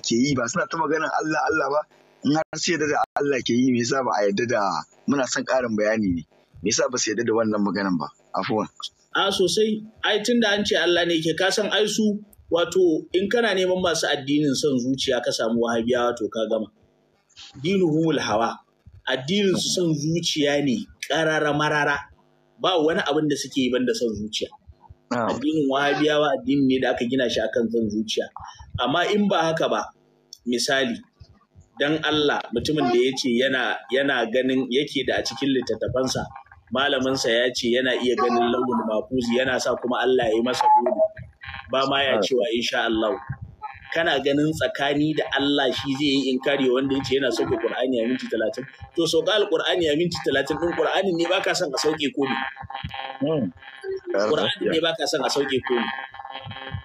ke yi ba suna ta maganar Allah Allah ba in har su yadda da Allah ke yi me yasa ba a yadda da muna son ƙarin bayani ne me yasa ba su yadda da wannan maganar ba afuwan a sosai ai tunda an ce Allah ne ke kasan ai su wato in kana neman masu addinin son zuciya ka samu wahabiya wato ka gama dinuhumul hawa addinin su son zuciya ne ƙarara marara ba wani abin da suke yi banda son zuciya Ah. addinin wahabiyawa addini ne da aka gina shi akan zan zuciya amma in ba haka ba misali dan Allah mutumin da yace yana yana ganin yake da a cikin littattafansa malaminsa ya ce yana iya ganin launin makuzi, yana sa kuma Allah ya yi masa gudu ba ma ya cewa insha Allah kana ganin tsakani da Allah shi zai yi inkari wanda yace yana sauke Qur'ani a minti 30 to sauka Qur'ani a minti 30 din Qur'anin ne baka son ka sauke ko ne hmm. Kur'ani ne baka son a sauke komai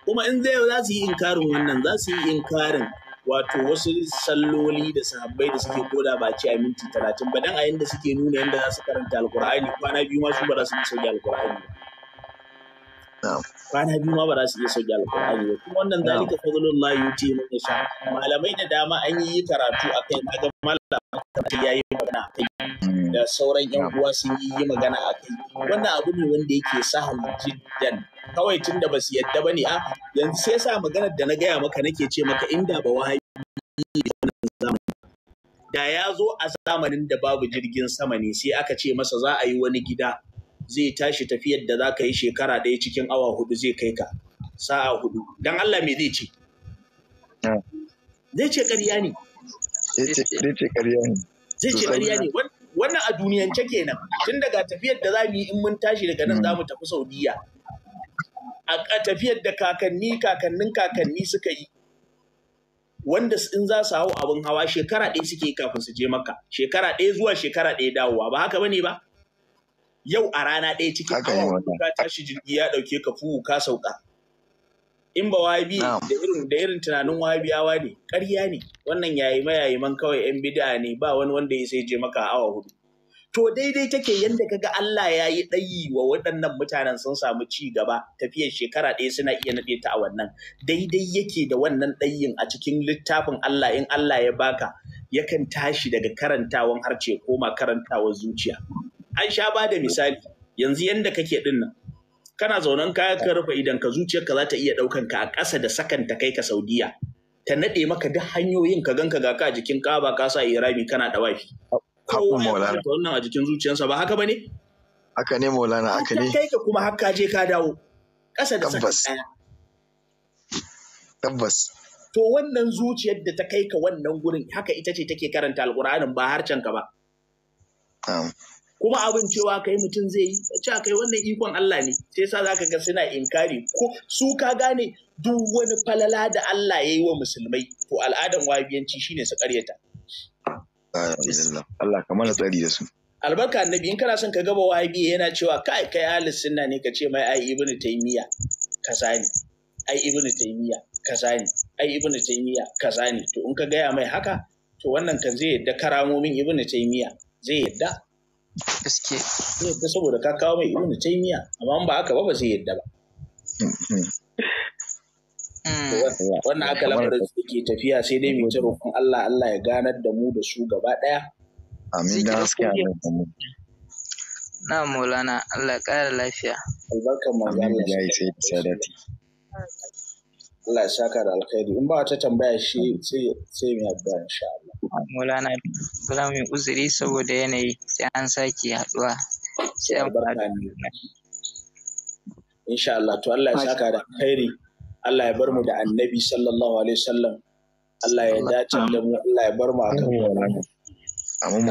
kuma in zai za su yi inkarin wannan za su yi inkarin wato wasu salloli da sahabbai da suke koda ba ci a minti talatin ba dan a yanda suke nuna yanda za su karanta alkur'ani kwana biyu ma su ba za su iya sauke alkur'ani ba kwana biyu ma ba za su yi sauke alkur'ani ba kuma wannan zalika fadlullah yuti man malamai da dama an yi karatu a kai magana ya yi mm. da sauran yan uwa sun yi magana a kai. wannan abu ne wanda yake sahan jiddan kawai tun da basu yadda ba ne, a yanzu sai sa maganar da na gaya maka nake ce maka inda ba wahayi da ya zo a zamanin da babu jirgin sama ne sai aka ce masa za a yi wani gida zai tashi tafiyar da za ka yi shekara ɗaya cikin awa hudu zai kai ka sa'a hudu don Allah me zai ce zai ah. ce karya zai ce ƙarya ne wannan a duniyance kenan tun daga tafiyar da za mu yi in mun tashi daga nan za mu tafi saudiya a tafiyar da kakanni kakannin kakanni suka yi wanda in za su hau abin hawa shekara ɗaya suke kafin su je maka shekara ɗaya zuwa shekara ɗaya dawowa ba haka bane ba yau a rana ɗaya cikin awa ka tashi jirgi ya ɗauke ka fuhu ka sauka in ba wabi da irin da irin tunanin wabiyawa ne ƙarya ne wannan yayi man kawai yan bid'a ne ba wani wanda ya sai je maka awa hudu to daidai take yadda kaga Allah ya yi ɗayi wa waɗannan mutanen sun samu ci gaba tafiyar shekara ɗaya suna iya naɗe ta a wannan daidai yake da wannan ɗayin a cikin littafin Allah in Allah ya baka yakan tashi daga karantawan harce koma karantawan zuciya an sha ba da misali yanzu yadda kake ɗinnan." kana zaunan kaya ka rufe idan ka ka za ta iya ɗaukan ka a ƙasa da sakan ta kai ka Saudiya ta naɗe maka duk hanyoyin ka ganka ga ka jikin ƙaba ka sa irami kana ɗawafi. Kowa ya wannan a jikin zuciyarsa ba haka ba ne? Haka ne Maulana haka ne. Kai ka kuma haka je ka dawo ƙasa da sakan ɗaya. Tabbas. To wannan zuciyar da ta kai ka wannan gurin haka ita ce take karanta alƙur'anin ba harcen ka ba. kuma abin cewa kai mutum zai yi cewa kai wannan ikon Allah ne sai yasa zaka ga suna inkari ko su ka gane duk wani falala da Allah ya yi wa musulmai to al'adan wabiyanci shine su karyata Allah kamar tsari da su albarka annabi in kana son ka gaba wabi yana cewa kai kai ahlus sunna ne ka ce mai ai ibnu taymiya kaza ne ai ibnu taymiya kaza ne ai ibnu taymiya kaza ne to in ka gaya mai haka to wannan kan zai yadda karamomin ibnu taymiya zai yadda gaske ne ta saboda ka kawo mai ibnu taymiya amma ba haka ba ba zai yadda ba hmm. wannan aka lamarin su ke tafiya sai dai mai roƙon Allah Allah ya ganar da mu da su gaba ɗaya amin da gaskiya na maulana Allah ƙara lafiya albarkan manzo Allah ya sai da sadati Allah ya saka da alkhairi in ba ta tambaya shi sai sai mai addu'a insha Allah Maulana Bala mai uzuri saboda yanayi sai an sake haɗuwa. Sai Insha Allah to Allah ya saka da khairi. Allah ya bar mu da Annabi sallallahu alaihi wasallam. Allah ya dace da mu Allah ya bar mu akan Maulana. Amin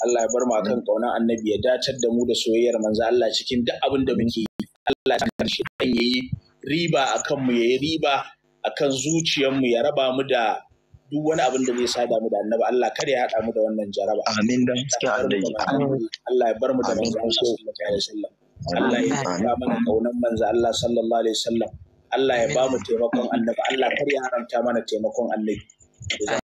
Allah ya bar mu akan kaunar Annabi ya dace da mu da soyayyar manzo Allah cikin duk abin da muke yi. Allah ya shi dan yayi riba akan mu yayi riba akan zuciyarmu ya raba mu da duk wani abin da zai sa damu da annabi Allah kar ya haɗa mu da wannan jaraba amin da cikin Amin. Allah ya bar mu da manzon sallallahu alaihi wasallam Allah ya ba mu kaunan manzo Allah sallallahu alaihi wasallam Allah ya ba mu taimakon annabi Allah kar ya haramta mana taimakon annabi